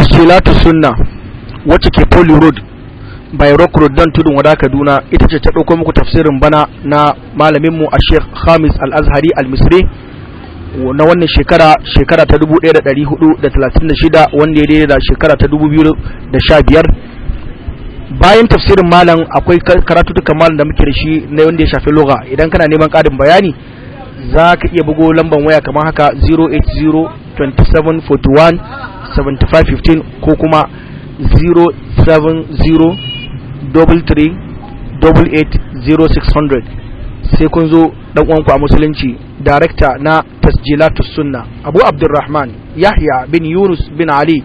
tasfilatu sunna wacce ke poly road by rock road don tudun wada kaduna ita ce ta ɗauko muku tafsirin bana na malaminmu a sheikh khamis al-azhari al-misri na wannan shekara shekara ta 1436 wanda ya daidai da shekara ta 2015 bayan tafsirin malam akwai karatutukan malam da muke da shi na wanda ya shafi lugha idan kana neman ƙarin bayani za ka iya bugo lambar waya kamar haka 080 2741 7515 ko kuma 0703388600 sai kun zo dan uwanku a musulunci darekta na tasjilatus sunna abu abdurrahman yahya bin yunus bin ali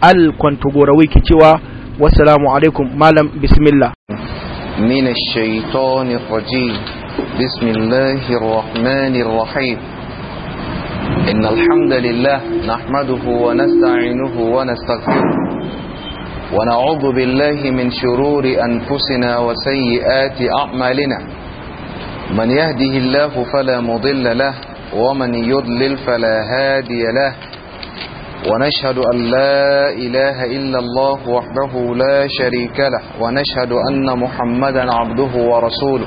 al-kwantogorawi ke cewa wasalamu alaikum malam bismillah min ash-shaytanir rajim bismillahir إن الحمد لله نحمده ونستعينه ونستغفره ونعوذ بالله من شرور أنفسنا وسيئات أعمالنا من يهده الله فلا مضل له ومن يضلل فلا هادي له ونشهد أن لا إله إلا الله وحده لا شريك له ونشهد أن محمدا عبده ورسوله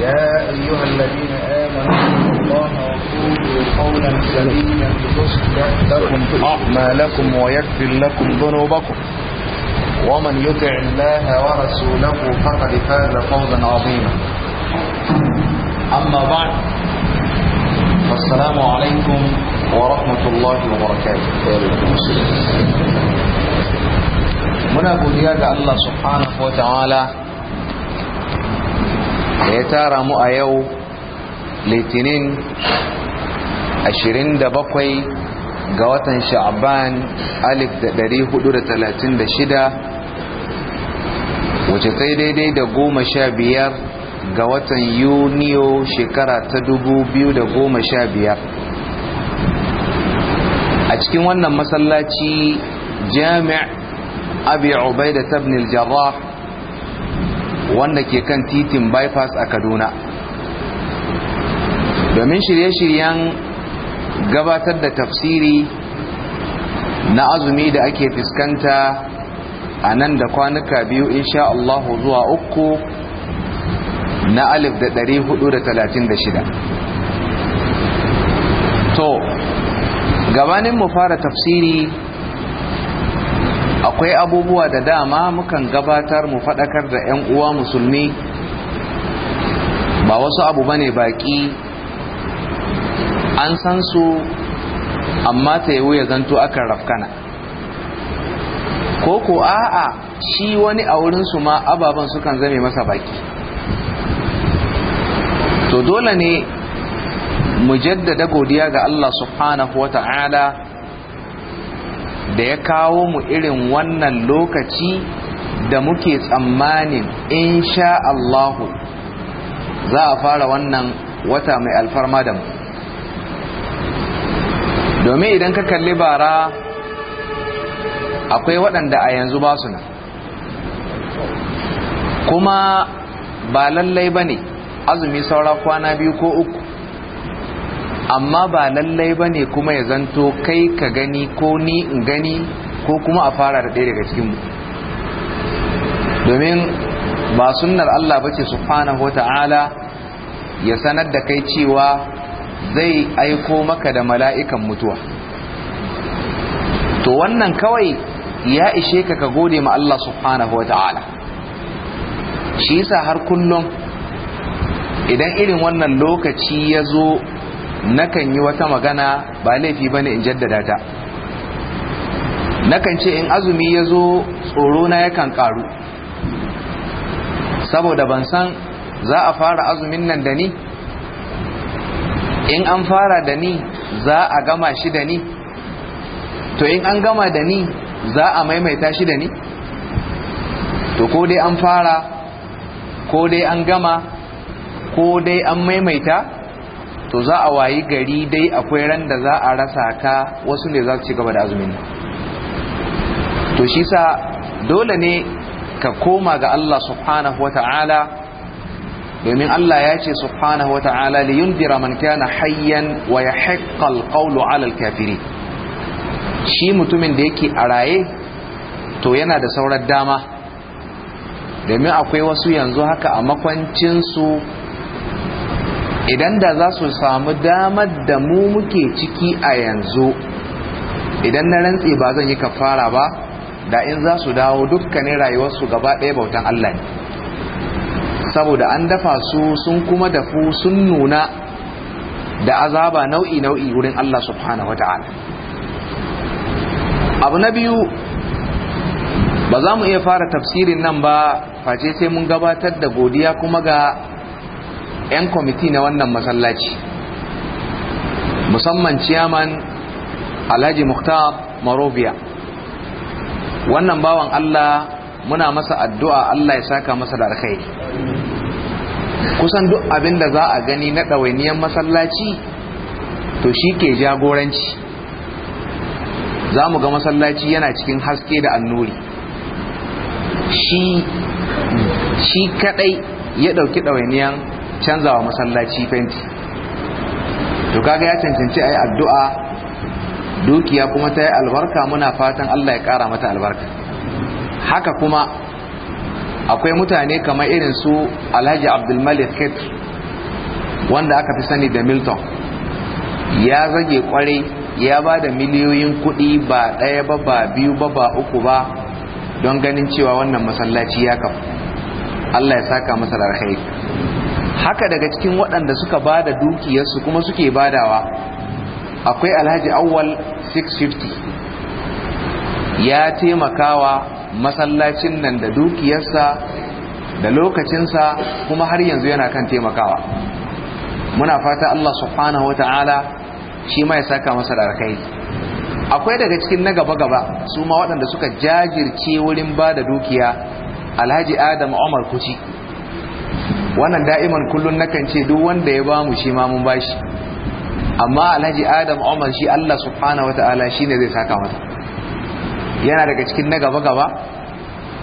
يا أيها الذين آمنوا اتقوا الله وقولوا قولا سليما يصلح لكم أعمالكم ويكفر لكم ذنوبكم ومن يطع الله ورسوله فقد فاز فوزا عظيما أما بعد فالسلام عليكم ورحمة الله وبركاته muna godiya ga Allah subhanahu wa da ya tara mu a yau litinin 27 ga watan sha'aban 1436 wace ta daidai da goma sha biyar ga watan yuniyo shekara ta dubu biyu da sha biyar a cikin wannan masallaci jami'a abi da tabnil jarrah wanda ke kan titin bypass a kaduna domin shirye-shiryen gabatar da tafsiri na azumi da ake fuskanta a nan da kwanuka biyu insha Allah zuwa uku na alif da da talatin da shida to gabanin mu fara tafsiri akwai abubuwa da dama mukan gabatar mu faɗakar da 'yan uwa musulmi ba wasu abu bane baƙi an san su amma ta yiwu ya zanto akan rafkana ko ko a'a shi wani a wurin su ma ababen sukan zame masa baki to dole ne mu jaddada godiya ga Allah subhanahu wa da ya kawo mu irin wannan lokaci da muke tsammanin insha Allahu za a fara wannan wata mai alfarma da mu domin idan ka kalli bara akwai waɗanda a yanzu ba su nan kuma ba lallai ba ne azumi saura kwana biyu ko uku amma ba lallai ba ne kuma ya zanto kai ka gani ko ni in gani ko kuma a fara da ɗaya daga cikinmu domin ba sunnar Allah ba ce subhanahu ta'ala ya sanar da kai cewa zai aiko maka da mala'ikan mutuwa to wannan kawai ya ishe ka ka gode ma Allah subhanahu ta'ala shi sa har kullum idan irin wannan lokaci ya zo nakan yi wata magana ba laifi ba ne in jaddada ta nakan ce in azumi ya zo tsoro yakan karu saboda ban san za a fara azumin nan da ni in an fara da ni za a gama shi da ni to in an gama da ni za a maimaita shi da ni to ko dai an fara ko dai an gama ko dai an maimaita to za a wayi gari dai akwai ran da za a rasa ka wasu ne za su ci gaba da azumin to shi sa dole ne ka koma ga Allah subhanahu wata'ala domin Allah ya ce subhanahu wata'ala li yundira man kana hayyan wa yahiqqa al-qawlu 'ala al-kafiri shi mutumin da yake a raye to yana da sauran dama domin akwai wasu yanzu haka a makwancinsu idan da za su samu damar da mu muke ciki a yanzu idan na rantse ba zan yi kafara ba da in za su dawo dukkanin rayuwarsu gaba ɗaya bautan Allah ne saboda an dafa su sun kuma dafu sun nuna da azaba nau'i nau'i wurin Allah subhanahu wata'ala abu na biyu ba za mu iya fara tafsirin nan ba face sai mun gabatar da godiya kuma ga 'yan kwamiti na wannan masallaci musamman ciyaman alhaji muktar marobiya wannan bawan allah muna masa addu'a allah ya saka masa da alkhairi kusan duk abin da za a gani na ɗawainiyar masallaci to shi ke jagoranci za mu ga masallaci yana cikin haske da annuri shi kadai ya ɗauki ɗawainiyar. Canza wa masallaci fenti to kaga ya cancanci ayi addu'a dukiya kuma ta yi albarka muna fatan Allah ya kara mata albarka haka kuma akwai mutane kamar irin su Alhaji Abdulmalik kit wanda aka fi sani da Milton ya zage kwarai ya ba da miliyoyin kuɗi ba ɗaya ba ba biyu ba ba uku ba don ganin cewa wannan masallaci ya kafa Allah ya saka masa alkhairi haka daga cikin waɗanda suka ba da dukiyarsu kuma suke badawa akwai alhaji awwal 650 ya taimakawa masallacin nan da dukiyarsa da lokacinsa kuma har yanzu yana kan taimakawa muna fata Allah subhanahu wa ta'ala shi ma ya saka masa da akwai daga cikin na gaba-gaba su ma waɗanda suka jajirce wurin ba da dukiya alhaji adam umar kuci wannan da'iman kullun nakan ce duk wanda ya bamu shi ma mun bashi amma alhaji adam umar shi Allah subhanahu wataala shine zai saka masa yana daga cikin na gaba gaba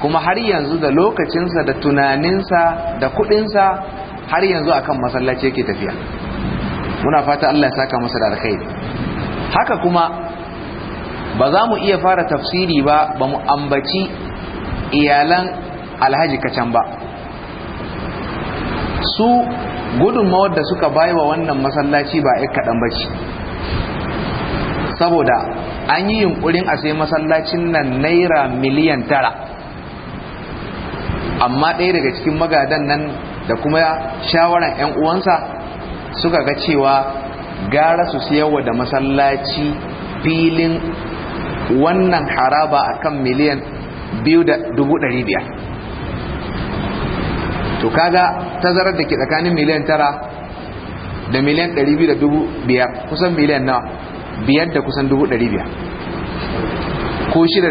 kuma har yanzu da lokacinsa da tunaninsa da kudinsa har yanzu akan masallaci yake tafiya muna fata Allah ya saka masa da alkhairi haka kuma ba za mu iya fara tafsiri ba ba mu ambaci iyalan alhaji kacan ba su gudunmawar da suka bayi wa wannan masallaci ba ya kaɗan ba ce saboda an yi yunkurin a sai masallacin nan naira miliyan tara amma ɗaya daga cikin magadan nan da kuma shawaran 'yan uwansa suka ga cewa gara su siyarwa da masallaci filin wannan haraba akan miliyan 2,500 to kaga tazarar da ke tsakanin miliyan tara da miliyan ɗari biyu da dubu biyar kusan miliyan nawa biyar da kusan dubu ɗari biyar ko shida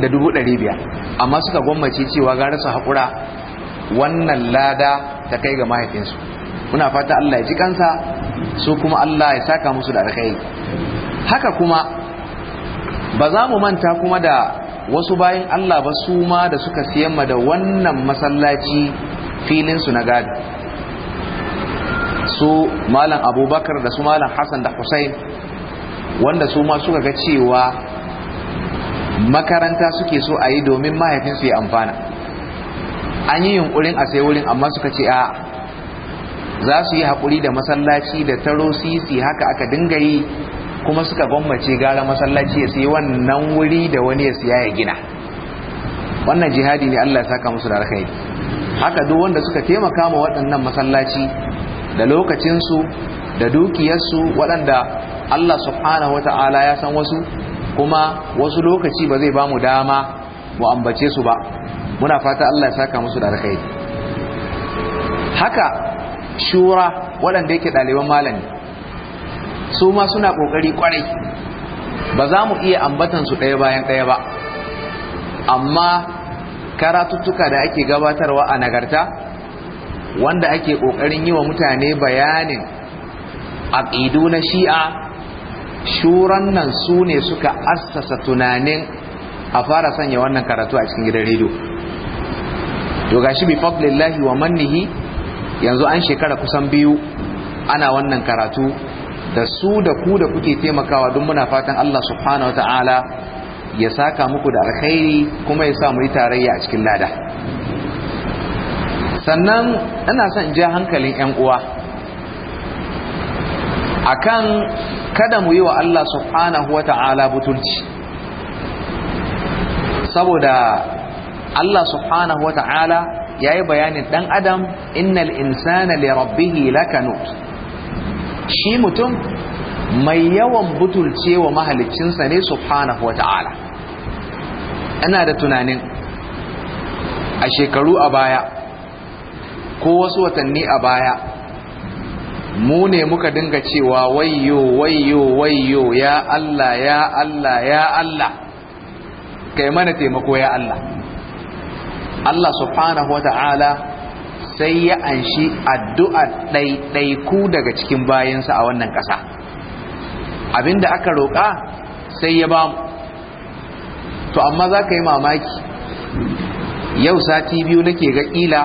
da dubu ɗari biyar amma suka gwammace cewa gara su haƙura wannan lada ta kai ga mahaifinsu muna fata Allah ya ji kansa su kuma Allah ya saka musu da alkhairi haka kuma ba za mu manta kuma da wasu bayan Allah ba su ma da suka siyan ma da wannan masallaci filin su na gadi su malam abubakar da su malam hassan da hussein wanda su ma suka ga cewa makaranta suke so a yi domin mahaifinsu ya amfana an yi yunkurin a sai wurin amma suka ce a za su yi haƙuri da masallaci da taro sisi haka aka dinga yi kuma suka gwammace gara masallaci ya sai wannan wuri da wani ya siya ya gina wannan jihadi ne allah ya saka musu da alkhairi haka duk wanda suka taimaka ma waɗannan masallaci da lokacinsu da dukiyarsu waɗanda Allah subhanahu wa ta'ala ya san wasu kuma wasu lokaci ba zai ba mu dama mu ambace su ba muna fata Allah ya saka musu da alkhairi haka shura waɗanda yake ɗaliban malami su ma suna ƙoƙari ƙwarai ba za mu iya ambatan su ɗaya bayan ɗaya ba amma karatuttuka da ake gabatarwa a nagarta wanda ake kokarin yi wa mutane bayanin aqidu na shi'a shuran nan su ne suka assasa tunanin a fara sanya wannan karatu a cikin gidan rediyo to gashi bi fadlillahi wa mannihi yanzu an shekara kusan biyu ana wannan karatu da su da ku da kuke taimakawa don muna fatan Allah subhanahu ta'ala. ya saka muku da alkhairi kuma ya sa mu yi tarayya a cikin lada sannan ina son ja hankalin 'yan uwa akan kada mu yi wa Allah subhanahu butulci saboda Allah subhanahu wa ya yi bayanin ɗan adam innal insana li rabbihi lakanut shi mutum mai yawan butulce wa mahaliccinsa ne subhanahu ta'ala Ana da tunanin a shekaru a baya ko wasu watanni a baya mu ne muka dinga cewa wayo wayo wayo ya Allah ya Allah ya Allah kai mana taimako ya Allah Allah subhanahu wa ta'ala sai ya anshi addu'a ɗaiɗaiku daga cikin bayansa a wannan ƙasa abinda aka roƙa sai ya bamu. to amma za ka yi mamaki yau sati biyu nake ga ƙila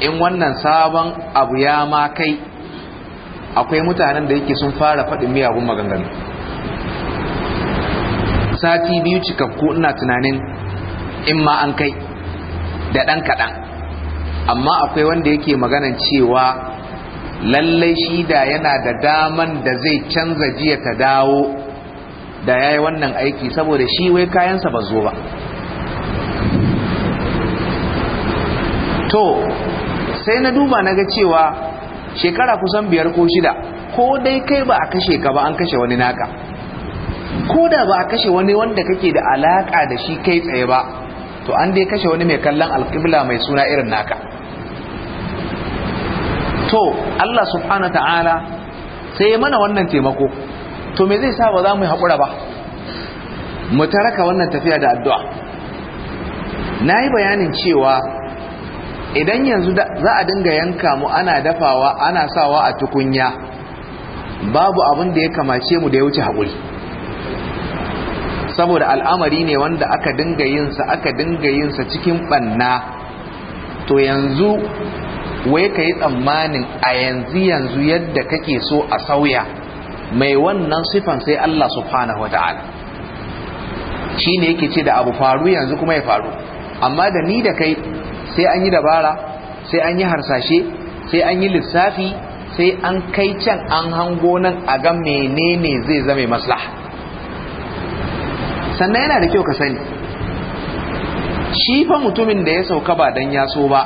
in wannan sabon abu ya ma kai akwai mutanen da yake sun fara faɗin miyagun maganganu sati biyu cikakku ina tunanin in ma an kai da ɗan kaɗan amma akwai wanda yake maganan cewa lallai shida yana da daman da zai canza jiya ta dawo da ya yi wannan aiki saboda shi wai kayansa ba zo ba to sai na duba na ga cewa shekara kusan biyar ko shida ko dai kai ba a kashe ka ba an kashe wani naka ko da ba a kashe wani wanda kake da alaka da shi kai tsaye ba to an dai kashe wani mai kallon alkibla mai suna irin naka to Allah subhanahu ta'ala sai mana wannan taimako to me zai sa ba za mu yi haƙura ba mu taraka wannan tafiya da addu'a na yi bayanin cewa idan yanzu za a dinga yanka mu ana dafawa ana sawa a tukunya babu abin da ya kamace mu da ya wuce hakuri. saboda al'amari ne wanda aka dinga yinsa aka dinga yinsa cikin ɓanna to yanzu wai ka yi tsammanin a yanzu yanzu yadda kake so a sauya mai wannan sifan sai Allah subhanahu wa ta'ala shi ne yake ce da abu faru yanzu kuma ya faru amma da ni da kai sai an yi dabara sai an yi harsashe sai an yi lissafi sai an kai can an hango nan a ga menene zai zame maslaha sannan yana da kyau ka sani shi fa mutumin da ya sauka ba dan ya so ba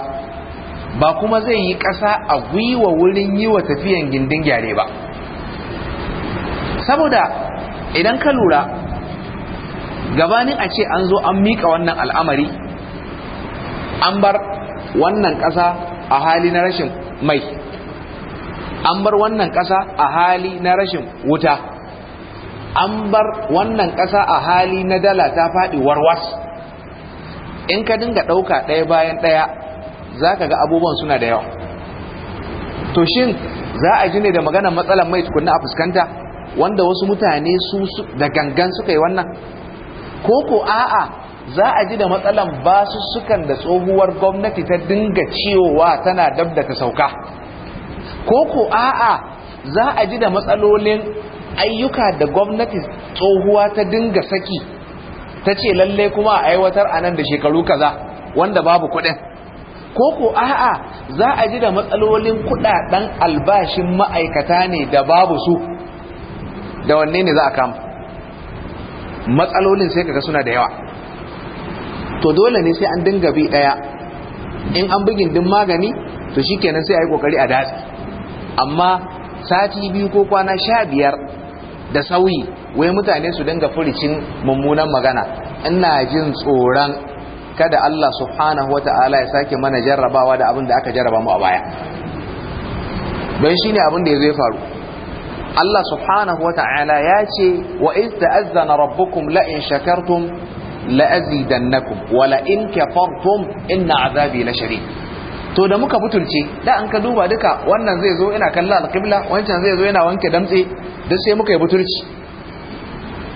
ba kuma zai yi ƙasa a gwiwa wurin yi wa tafiyan gindin gyare ba saboda idan ka lura gabanin a ce an zo an mika wannan al'amari an bar wannan ƙasa a hali na rashin mai an bar wannan ƙasa a hali na rashin wuta an bar wannan ƙasa a hali na dala ta faɗi warwas in ka dinga ɗauka ɗaya bayan ɗaya za ka ga abubuwan suna da yawa to shin za a ji ne da maganar matsalar mai tukunna a fuskanta wanda wasu mutane su da gangan suka yi wannan ko ko a'a za a ji da matsalan sukan da tsohuwar gwamnati ta dinga cewa tana dab ta sauka ko ko a'a za a ji da matsalolin ayyuka da gwamnati tsohuwa ta dinga saki ta ce lalle kuma a aiwatar a nan da shekaru kaza wanda babu kuɗin ko ko a'a za a ji da matsalolin kuɗaɗen albashin ma'aikata ne da babu su da wanne ne za a kama matsalolin sai kaga suna da yawa to dole ne sai an dinga bi daya in an bugin din magani to shikenan sai a yi kokari a datsi amma sati biyu ko kwana sha biyar da sauyi wai mutane su dinga furicin mummunan magana ina jin tsoron kada Allah subhanahu wata'ala ya sake mana jarrabawa da abin da aka jarraba mu a baya don shine abin da ya zai faru Allah subhanahu wa ta'ala ya ce wa iz ta'azzana rabbukum la in shakartum la wa la in kafartum inna azabi la shadid to da muka butulce da an ka duba duka wannan zai zo ina kallon alƙibla, wancan zai zo yana wanke damtse da sai muka yi butulci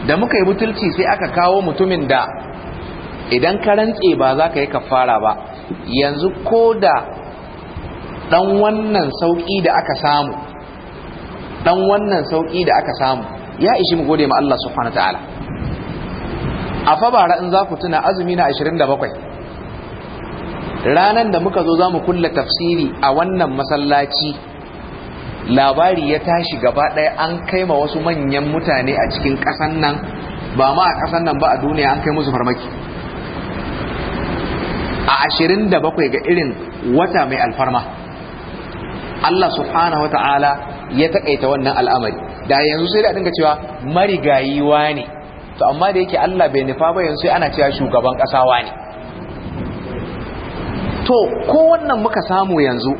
da muka yi butulci sai aka kawo mutumin da idan ka rantse ba za ka yi kafara ba yanzu ko da ɗan wannan sauƙi da aka samu dan wannan sauki da aka samu ya ishi mu gode ma Allah subhanahu wataala a fa bara in za ku tuna azumi na 27 ranan da muka zo za mu kulla tafsiri a wannan masallaci labari ya tashi gaba ɗaya an kai ma wasu manyan mutane a cikin ƙasan nan ba ma a ƙasan nan ba a duniya an kai musu farmaki a 27 ga irin wata mai alfarma Allah subhanahu wa ya takaita wannan al'amari da yanzu sai da dinga cewa marigayi ne to amma da yake Allah bai nufa ba yanzu sai ana cewa shugaban kasa ne to ko wannan muka samu yanzu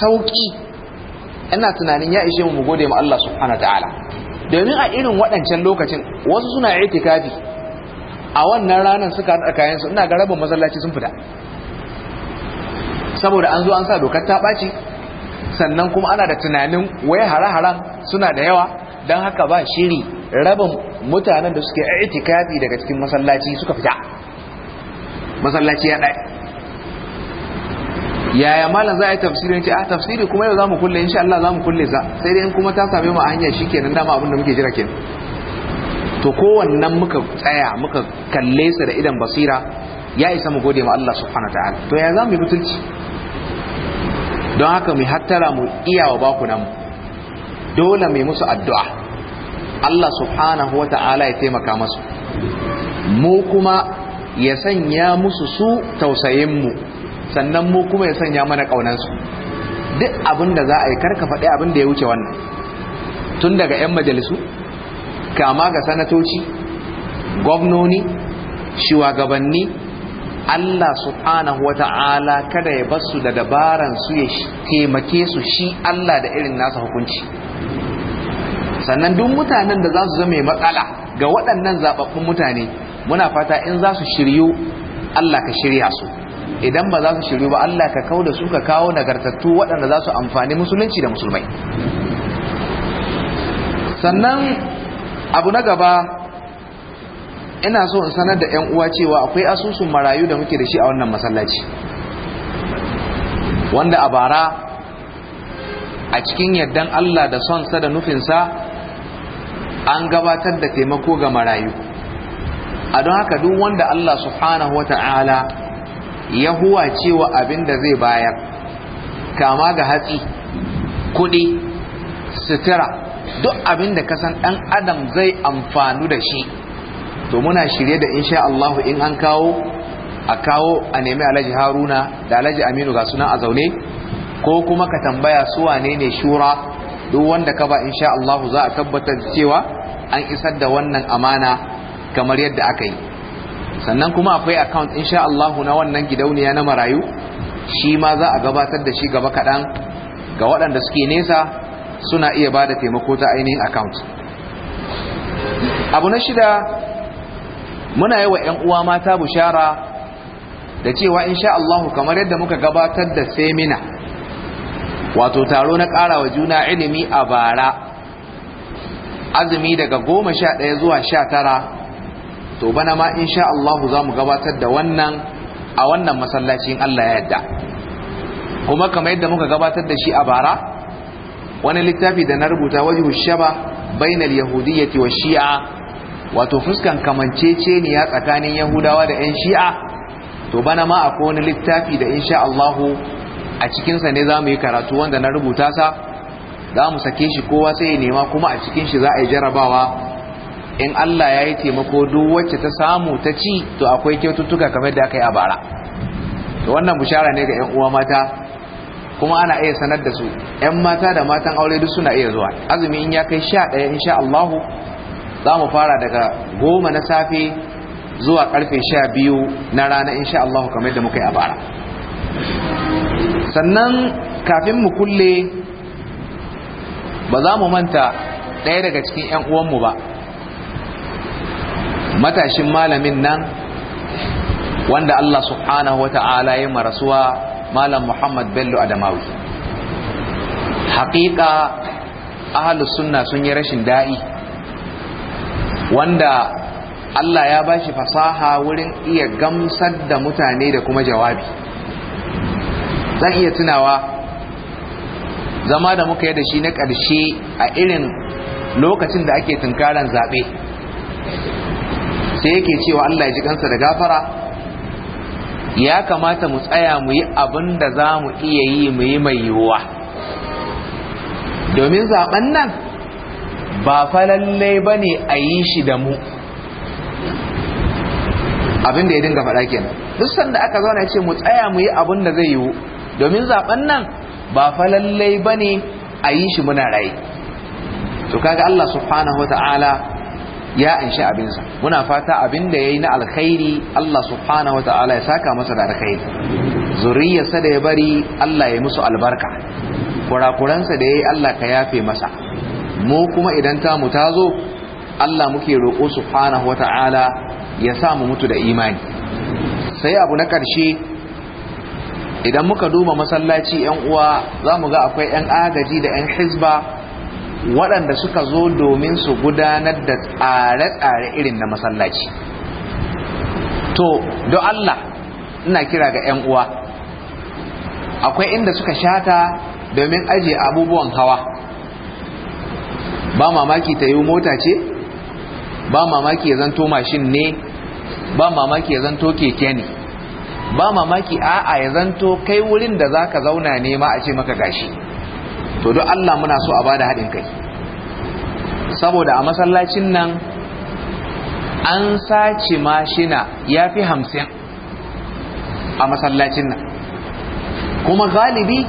sauki ina tunanin ya ishe mu mu gode ma Allah subhanahu ta'ala domin a irin waɗancan lokacin wasu suna itikafi a wannan ranar suka haɗa su ina ga rabin masallaci sun fita saboda an zo an sa dokar ta ɓaci sannan kuma ana da tunanin wai hare-haren suna da yawa don haka ba shiri rabin mutanen da suke itikafi daga cikin masallaci suka fita masallaci ya ɗaya yaya malam za a yi tafsiri ce a ah, tafsiri kuma yau za mu kulle insha Allah za mu kulle za sai dai in kuma ta same mu a hanya shi kenan dama abin da muke jira kenan to kowannan muka tsaya muka kalle su da idan basira ya isa mu gode ma Allah subhanahu wataala to ya za mu yi mutunci don haka mai hattara mu iyawa baku mu dole mai musu addu'a Allah subhanahu wata'ala ya taimaka masu mu kuma ya sanya musu su tausayin mu sannan mu kuma ya sanya mana ƙaunansu duk abin da za a yi karka faɗi abin da ya wuce wannan tun daga 'yan majalisu kama ga sanatoci gwamnoni shugabanni Allah subhanahu wa ta'ala kada ya basu da dabaran su ya taimake su shi Allah da irin nasa hukunci sannan duk mutanen da za su zama matsala ga waɗannan zaɓaɓɓun mutane muna fata in za su shiryu Allah ka shirya su idan ba za su shiryu ba Allah ka kau da su ka kawo nagartattu waɗanda za su amfani musulunci da musulmai sannan abu na gaba ina so in sanar da 'yan uwa cewa akwai asusun marayu da muke da shi a wannan masallaci wanda a bara a cikin yardan Allah da sonsa da nufinsa an gabatar da taimako ga marayu a don haka duk wanda Allah subhanahu wata'ala ya huwa cewa abin da zai bayar kama ga hatsi kuɗi sutura duk abin da kasan ɗan adam zai amfanu da shi to muna shirye da insha Allah in an kawo a kawo a nemi Alhaji Haruna da Alhaji Aminu ga suna a zaune ko kuma ka tambaya su wane ne shura duk wanda ka ba insha Allah za a tabbatar cewa an isar da wannan amana kamar yadda aka yi sannan kuma akwai account insha Allah na wannan gidauniya na marayu shi ma za a gabatar da shi gaba kaɗan ga waɗanda suke nesa suna iya ba da taimako ta ainihin account abu na shida muna yi wa 'yan uwa mata bushara da cewa insha Allah kamar yadda muka gabatar da semina wato taro na ƙara wa juna ilimi a bara azumi daga goma sha ɗaya zuwa sha tara to bana ma insha Allah za mu gabatar da wannan a wannan masallacin Allah ya yadda kuma kamar yadda muka gabatar da shi a bara wani littafi da na rubuta wajen shaba bainal yahudiyyati wa shi'a wato fuskan kamancece ne ya tsakanin yahudawa da 'yan shi'a to bana ma a wani littafi da insha Allahu a cikinsa ne za mu yi karatu wanda na rubuta sa za mu sake shi kowa sai ya nema kuma a cikin shi za a yi jarabawa in Allah ya yi taimako duk wacce ta samu ta ci to akwai kyaututtuka kamar da aka yi a bara to wannan bushara ne ga 'yan uwa mata kuma ana iya sanar da su 'yan mata da matan aure duk suna iya zuwa azumi in ya kai sha ɗaya insha Allahu za mu fara daga goma na safe zuwa karfe sha biyu na rana insha Allah kamar da muka yi a bara sannan kafin mu kulle ba za mu manta ɗaya daga cikin 'yan uwanmu ba matashin malamin nan wanda Allah subhanahu wa ta'ala ma marasuwa malam Muhammad Bello Adamawi haƙiƙa ahalus sunna sun yi rashin da'i wanda Allah ya bashi fasaha wurin iya gamsar da mutane da kuma jawabi zan iya tunawa zama da muka yi da shi na ƙarshe a irin lokacin da ake tunkaran zaɓe sai yake cewa Allah ya ji kansa da gafara ya kamata mu tsaya mu yi abin da za mu iya yi mu yi mai yiwuwa domin zaɓen nan ba fa lalle bane a yi shi da mu abin ya dinga faɗa kenan duk sanda aka zauna ya ce mu tsaya mu yi abin da zai yiwu domin zaben nan ba fa lalle bane a yi shi muna rai to kaga Allah subhanahu wata'ala ya anshi abinsa muna fata abin da ya yi na alkhairi Allah subhanahu wata'ala ya saka masa da alkhairi zuriyarsa da ya bari Allah ya musu albarka kurakuransa da ya yi Allah ka yafe masa mu kuma idan ta mu tazo, Allah muke roƙo subhanahu wata'ala ya sa mu mutu da imani sai abu na ƙarshe idan muka duba masallaci yan uwa za mu ga akwai yan agaji da yan hizba waɗanda suka zo domin su gudanar da tsare-tsare irin na masallaci to don Allah ina kira ga yan uwa akwai inda suka shata domin ajiye abubuwan hawa ba mamaki ta yi mota ce ba mamaki ya zanto mashin ne ba mamaki ya zanto keke ne ba mamaki a'a ya zanto kai wurin da za ka zauna ne ma a ce maka gashi to don Allah muna so a ba da haɗin kai saboda a masallacin nan an sace mashina ya fi hamsin a masallacin nan kuma galibi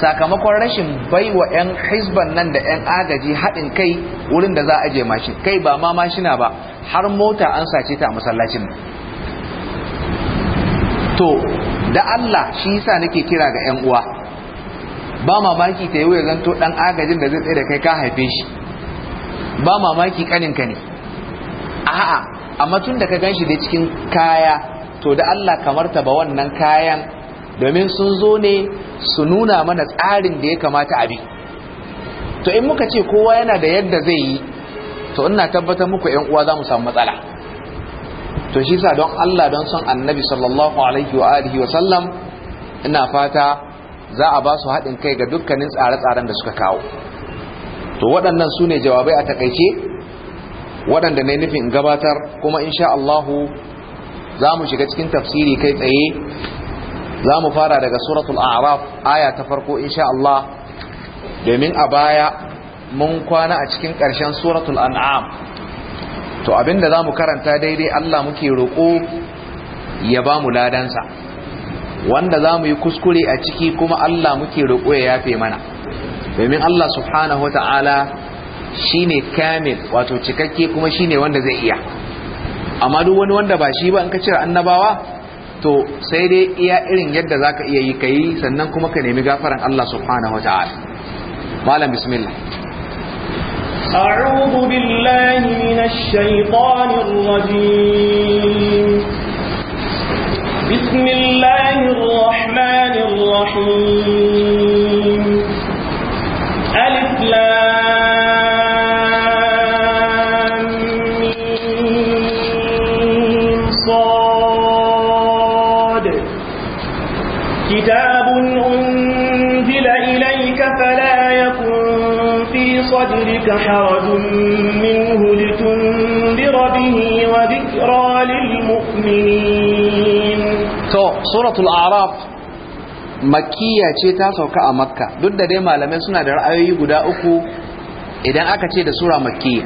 sakamakon rashin bai wa 'yan hisban nan da 'yan agaji haɗin kai wurin da za a je mashin kai ba ma mashina ba har mota an sace ta a masallacin to da Allah shi yasa nake kira ga 'yan uwa ba mamaki ta yi zanto ɗan agajin da zai tsaye da kai ka haife shi ba mamaki ƙaninka ne a'a amma tun da ka gan shi da cikin kaya to da Allah kamar ta ba wannan kayan domin sun zo ne su nuna mana tsarin da ya kamata abi to in muka ce kowa yana da yadda zai yi to ina tabbatar muku yan uwa za mu samu matsala to shi sa don Allah don son annabi sallallahu alaihi wa alihi wa sallam ina fata za a ba su haɗin kai ga dukkanin tsare-tsaren da suka kawo to waɗannan su ne jawabai a takaice waɗanda ne nufin gabatar kuma insha Allahu za mu shiga cikin tafsiri kai tsaye za mu fara daga suratul a'raf aya ta farko insha Allah domin a baya mun kwana a cikin ƙarshen suratul an'am to abinda za mu karanta daidai Allah muke roƙo ya ba mu ladansa wanda za mu yi kuskure a ciki kuma Allah muke roƙo ya yafe mana domin Allah subhanahu wata'ala shine kamil wato cikakke kuma shine wanda zai iya amma duk wani wanda ba shi ba in ka cire annabawa to sai dai iya irin yadda za ka iya yi ka yi sannan kuma ka nemi gafaran Allah subhanahu wa ta'ala malam bismillah أعوذ بالله من الشيطان الرجيم بسم الله الرحمن الرحيم ألف لام حرج منه لتنذر به وذكرى للمؤمنين to سورة الأعراف makiyya ce ta sauka a makka duk da dai malamai suna da ra'ayoyi guda uku idan aka ce da sura makiyya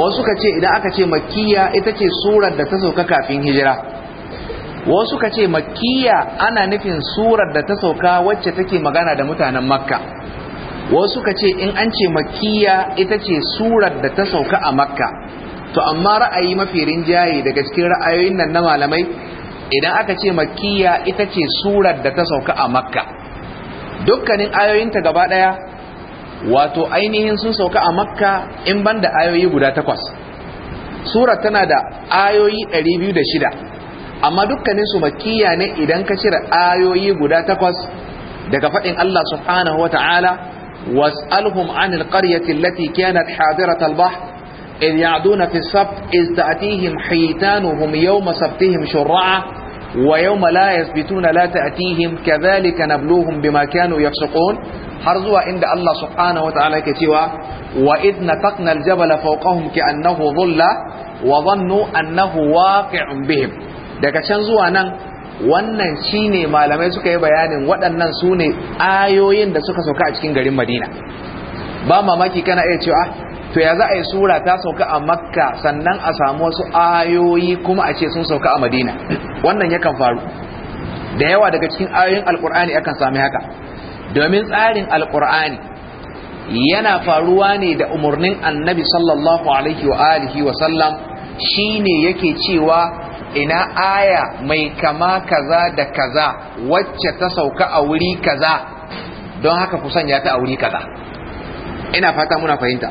wasu ka ce idan aka ce makiyya ita ce surar da ta sauka kafin hijira wasu ka ce makiyya ana nufin surar da ta sauka wacce take magana da mutanen makka wasu ka ce in an ce makiya ita ce surar da ta sauka a makka to amma ra'ayi mafi rinjaye daga cikin ra'ayoyin nan na malamai idan aka ce makiya ita ce surar da ta sauka a makka dukkanin ayoyinta gaba ɗaya wato ainihin sun sauka a makka in ban da ayoyi guda takwas surar tana da ayoyi 206 amma dukkaninsu makiya ne idan ka cire ayoyi guda takwas daga faɗin Allah subhanahu wa ta'ala واسألهم عن القرية التي كانت حاضرة البحر إذ يعدون في السبت إذ تأتيهم حيتانهم يوم سبتهم شرعا ويوم لا يثبتون لا تأتيهم كذلك نبلوهم بما كانوا يفسقون حرزوا عند الله سبحانه وتعالى كتوى وإذ نتقنا الجبل فوقهم كأنه ظل وظنوا أنه واقع بهم daga can zuwa wannan shine malamai suka yi bayanin waɗannan su ne ayoyin da suka sauka a cikin garin madina ba mamaki kana iya cewa ah, to ya za a yi sura ta sauka a makka sannan a samu wasu ayoyi kuma a ce sun sauka a madina wannan yakan faru da yawa daga cikin ayoyin alkur'ani akan sami haka domin tsarin alkur'ani yana faruwa ne da umarnin annabi sallallahu alaihi wa alihi wa sallam shine yake cewa ina aya mai kama kaza da kaza wacce ta sauka a wuri kaza don haka ku sanya ta a wuri kaza ina fata muna fahimta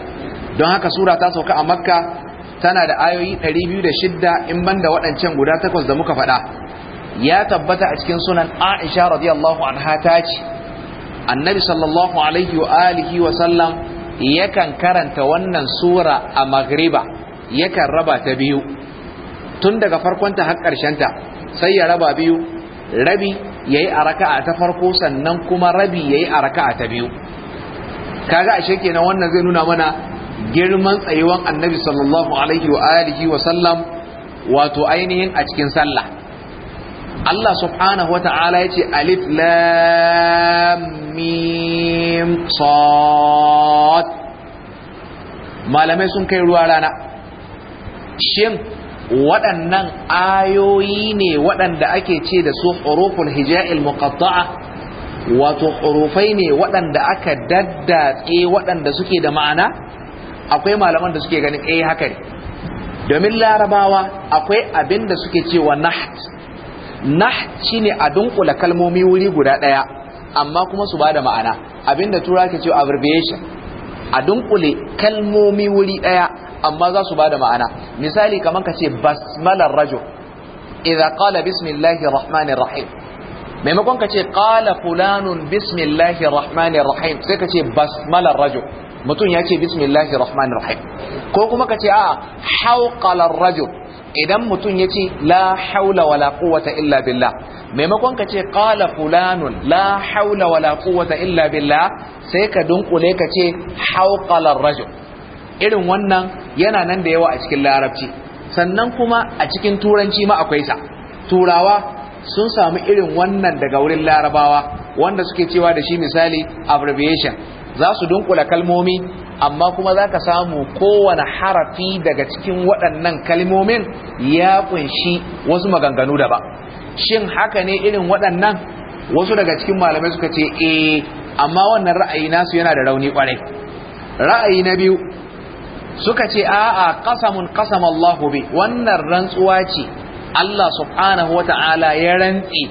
don haka sura ta sauka a makka tana da ayoyi 206 in banda waɗancan guda takwas da muka faɗa ya tabbata a cikin sunan aisha radiyallahu anha ta ce annabi sallallahu alaihi wa alihi wa sallam yakan karanta wannan sura a magriba yakan raba ta biyu tun daga farkonta har ta sai ya raba biyu rabi ya yi a raka'a ta farko sannan kuma rabi ya yi a raka'a ta biyu kaga ashe kenan wannan zai nuna mana girman tsayuwan annabi sallallahu alaihi wa alihi wa sallam wato ainihin a cikin sallah Allah subhanahu wa ta'ala ya ce alif lam mim sad malamai sun kai ruwa rana shin waɗannan ayoyi ne waɗanda ake ce da su huruful hija'il muqatta'a wato hurufai ne waɗanda aka daddatse waɗanda suke da ma'ana akwai malaman da suke ganin eh haka ne domin larabawa akwai abin da suke cewa naht naht shine a dunkula kalmomi wuri guda ɗaya amma kuma su ba da ma'ana abin da tura ke cewa abbreviation a dunkule kalmomi wuri ɗaya amma za su bada ma'ana misali kaman ka ce basmalar rajo idan qala bismillahir rahmanir rahim maimakon ka ce qala fulanun bismillahir rahmanir rahim sai ka ce basmalar rajo mutum ya ce bismillahir rahmanir rahim ko kuma ka ce a hawqalar rajo idan mutum ya ce la haula wala quwwata illa billah maimakon ka ce qala fulanun la haula wala quwwata illa billah sai ka dunkule ka ce hawqalar rajo. irin wannan yana nan da yawa a cikin larabci sannan kuma a cikin turanci ma akwai sa turawa sun samu irin wannan daga wurin larabawa wanda suke cewa da shi misali abbreviation za su dunkula kalmomi amma kuma za ka samu kowane harafi daga cikin waɗannan kalmomin ya kunshi wasu maganganu da ba shin haka ne irin waɗannan wasu daga cikin malamai suka ce eh amma wannan ra'ayi nasu yana da rauni kwarai ra'ayi na biyu suka ce a'a qasamun qasama Allah bi wannan rantsuwa ce Allah subhanahu wa ta'ala ya rantsi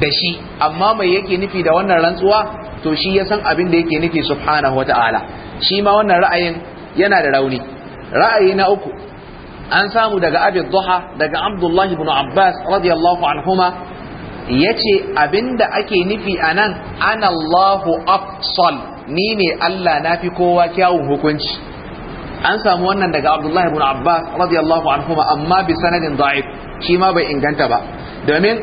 da shi amma mai yake nufi da wannan rantsuwa to shi ya san abin da yake nufi subhanahu wa ta'ala. shi ma wannan ra'ayin yana da rauni ra'ayi na uku an samu daga abi duha daga abdullahi ibn abbas radiyallahu anhuma yace abinda ake nufi anan anallahu afsal ni ne Allah na fi kowa kyawun hukunci an samu wannan daga abdullahi ibn abbas radiyallahu anhuma amma bi sanadin da'if shi ma bai inganta ba domin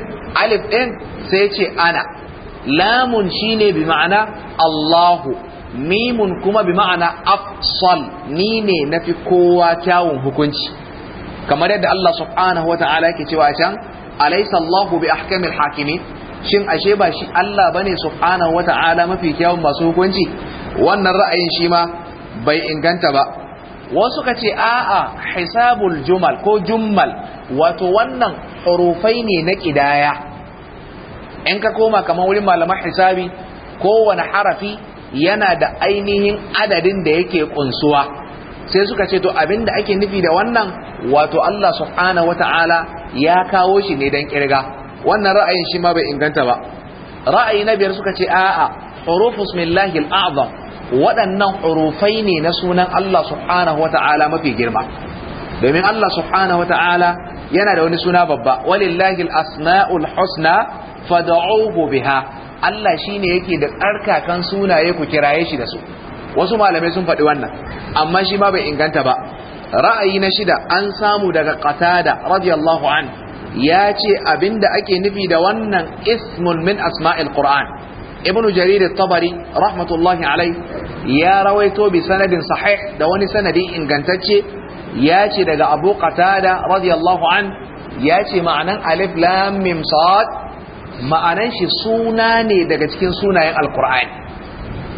alif din sai ce ana lamun shine bi ma'ana allahu mimun kuma bi ma'ana afsal ni ne nafi kowa kyawun hukunci kamar yadda Allah subhanahu wa ta'ala yake cewa can alaysa allahu bi ahkamil hakimin shin ashe ba shi Allah bane subhanahu wa ta'ala mafi kyawun masu hukunci wannan ra'ayin shi ma bai inganta ba wasu ka ce a'a hisabul jumal ko jummal wato wannan hurufai ne na kidaya in ka koma kamar wurin malaman hisabi kowane harafi yana da ainihin adadin da yake kunsuwa sai suka ce to abinda ake nufi da wannan wato Allah subhanahu wata'ala ya kawo shi ne don kirga wannan ra'ayin shi ma bai inganta ba ra'ayi na biyar suka ce a'a hurufus mai lahil azam waɗannan hurufai ne na sunan Allah subhanahu mafi girma domin Allah subhanahu yana da wani suna babba walillahi al-asma'ul husna fad'uhu biha Allah shine yake da tsarkakan sunaye ku kiraye shi da su wasu malamai sun faɗi wannan amma shi ma bai inganta ba ra'ayi na shida an samu daga qatada radiyallahu an ya ce abinda ake nufi da wannan ismun min asma'il qur'an ibnu jarir at-tabari rahmatullahi alai ya rawaito bi sanadin sahih da wani sanadin ingantacce ya ce daga abu qatada radiyallahu an ya ce ma'anan alif lam mim sad ma'anan shi suna ne daga cikin sunayen alqur'ani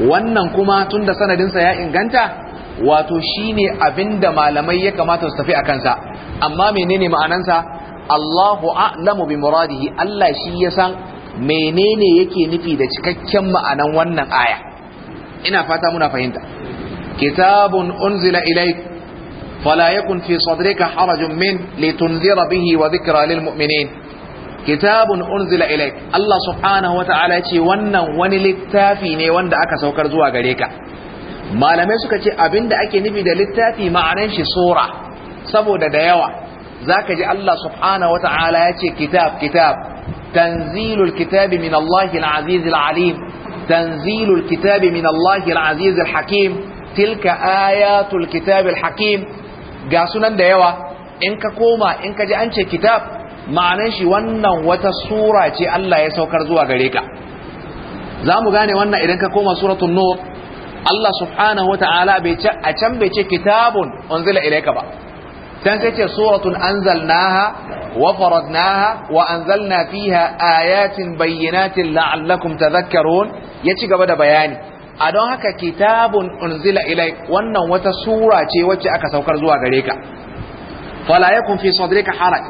wannan kuma tunda sanadin sa ya inganta wato shine abinda malamai ya kamata su tafi a kansa amma menene ma'anansa Allahu a'lamu bi muradihi Allah shi ya san menene yake nufi da cikakken ma'anan wannan aya ina fata muna fahimta kitabun unzila ilai fala yakun fi sadrika harajun min litunzira bihi wa dhikra lil mu'minin kitabun unzila ilai Allah subhanahu ta'ala yace wannan wani littafi ne wanda aka saukar zuwa gare ka malamai suka ce abinda ake nufi da littafi ma'anar shi sura saboda da yawa zaka ji Allah subhanahu wa ya ce kitab kitab tanzilul kitabi min Allahil azizil alim Tanzilul kitabi minallahi تنزيل الكتاب من الله العزيز الحكيم تلك آيات الكتاب الحكيم قاسنا ديوا إنك كوما إنك جأنش كتاب ma'anan shi wannan wata sura ce Allah ya saukar zuwa gare ka za mu gane wannan idan ka koma suratun nur Allah subhanahu wa ta'ala a can bai ce kitabun unzila ilaika ba dan kace suratun anzalnaha wa faradnaha wa anzalna fiha ayatin bayyinatin la'allakum tadhakkarun ya ci gaba da bayani a don haka kitabun unzila ilai wannan wata sura ce wacce aka saukar zuwa gare ka fala yakun fi sadrika haraj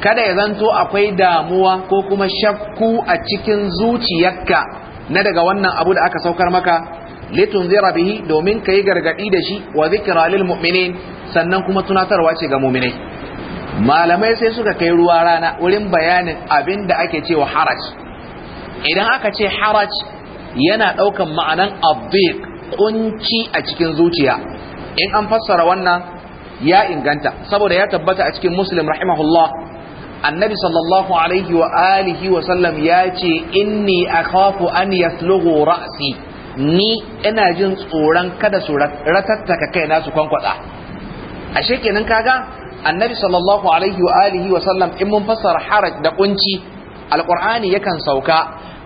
kada ya zanto akwai damuwa ko kuma shakku a cikin zuciyarka na daga wannan abu da aka saukar maka litunzira bihi domin kai gargadi da shi wa zikra lil mu'minin sannan kuma tunatarwa ce ga muminai malamai sai suka kai ruwa rana wurin bayanin abin da ake cewa haraj idan aka ce haraj yana ɗaukan ma'anan abdik kunci a cikin zuciya in an fassara wannan ya inganta saboda ya tabbata a cikin muslim rahimahullah annabi sallallahu alaihi wa alihi wa sallam ya ce inni akhafu an yaslughu ra'si ni ina jin tsoron kada su ratattaka kaina su kwankwada ashe kenan kaga annabi sallallahu alaihi wa alihi wa sallam in mun fassara haraj da kunci alqur'ani yakan sauka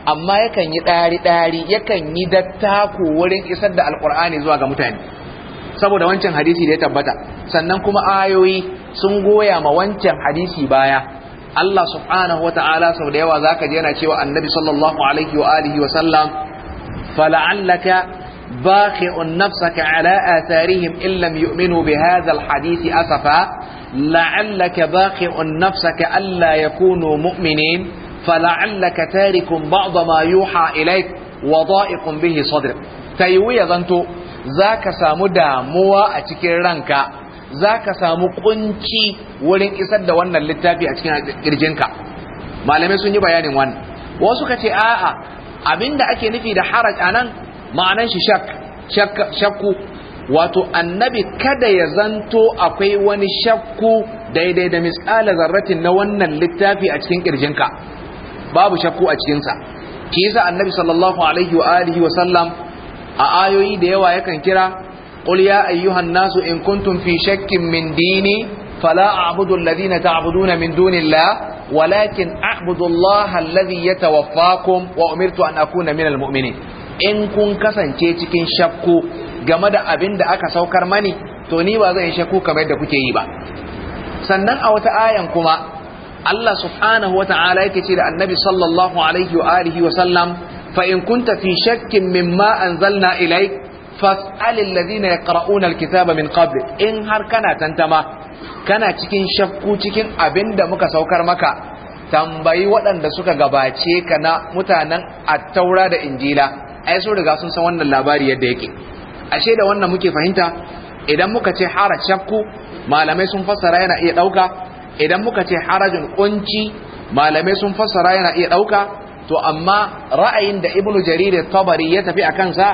amma yakan yi dari dari yakan yi dattako wurin isar da alqur'ani zuwa ga mutane saboda wancan hadisi da ya tabbata sannan kuma ayoyi sun goya ma wancan hadisi baya Allah subhanahu wata'ala sau da yawa zaka ji yana cewa annabi sallallahu alaihi wa alihi wa sallam fala'allaka باخع نفسك على آثارهم إن لم يؤمنوا بهذا الحديث أسفا لعلك باخع نفسك ألا يكونوا مؤمنين فلعلك تارك بعض ما يوحى إليك وضائق به صدرك تيوية ذنتو ذاك سامدا موا أتكير رنكا ذاك سامو قنشي ولن إسد وانا للتابي أتكير جنكا ما لم يسنجي بياني وان وسكتي آآ abinda ake nufi da haraj anan ma'anan shi shakku wato annabi kada ya zanto akwai wani shakku daidai da misali zarratin na wannan littafi a cikin kirjinka babu shakku a cikinsa ki yasa annabi sallallahu alaihi wa alihi wa sallam a ayoyi da yawa yakan kira qul ya ayyuhan nasu in kuntum fi shakkin min dini fala a'budu alladhina ta'buduna min dunillah walakin a'budu allaha alladhi yatawaffakum wa umirtu an akuna minal mu'minin in kun kasance cikin shakku game da abin da aka saukar mani to ni ba zan shakku kamar yadda kuke yi ba sannan a wata ayan kuma Allah subhanahu wa ta'ala yake ce da annabi sallallahu alaihi wa alihi wa sallam fa in kunta fi shakkin mimma anzalna ilaik fas'al alladhina yaqra'una alkitaba min qabl in har kana tantama kana cikin shakku cikin abin da muka saukar maka tambayi waɗanda suka gabace ka na mutanen attaura da injila ai sun riga sun san wannan labari yadda yake ashe da wannan muke fahimta idan muka ce haraj shakku malamai sun fassara yana iya dauka idan muka ce harajin kunci malamai sun fassara yana iya dauka to amma ra'ayin da ibnu jarir tabari ya tafi akan sa